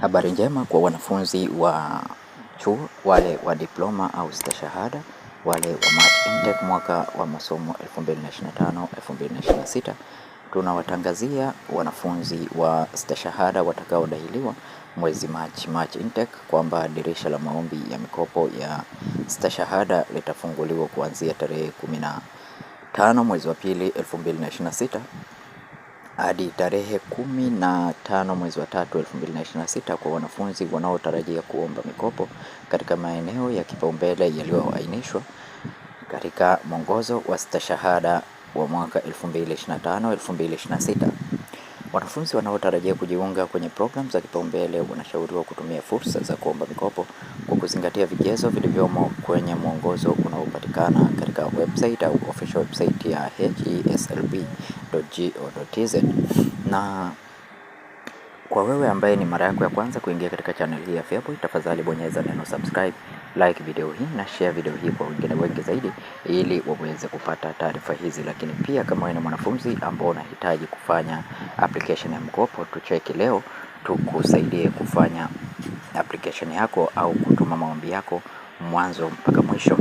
Habari njema kwa wanafunzi wa chuo, wale wa diploma au stashahada, wale wa March Intake mwaka wa masomo 2025-2026. Tunawatangazia wanafunzi wa stashahada watakaodahiliwa mwezi Machi, March Intake kwamba dirisha la maombi ya mikopo ya stashahada litafunguliwa kuanzia tarehe 15 mwezi wa pili 2026 hadi tarehe kumi na tano mwezi wa tatu sita kwa wanafunzi wanaotarajia kuomba mikopo katika maeneo ya kipaumbele yaliyoainishwa katika mwongozo wa stashahada wa mwaka 2025 2026. Wanafunzi wanaotarajia kujiunga kwenye programu za kipaumbele wanashauriwa kutumia fursa za kuomba mikopo kwa kuzingatia vigezo vilivyomo kwenye mwongozo unaopatikana katika website au official website ya HESLB www.go.tz na kwa wewe ambaye ni mara yako ya kwanza kuingia katika channel hii ya FEABOY, tafadhali bonyeza neno subscribe, like video hii na share video hii kwa wengine wengi zaidi, ili waweze kupata taarifa hizi. Lakini pia kama wewe ni mwanafunzi ambao unahitaji kufanya application ya mkopo, tucheki leo tukusaidie kufanya application yako au kutuma maombi yako mwanzo mpaka mwisho.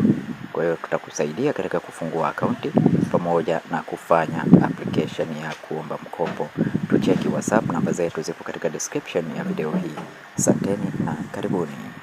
Kwa hiyo tutakusaidia katika kufungua akaunti pamoja na kufanya application ya kuomba mkopo. Tucheki WhatsApp, namba zetu zipo katika description ya video hii. Asanteni na karibuni.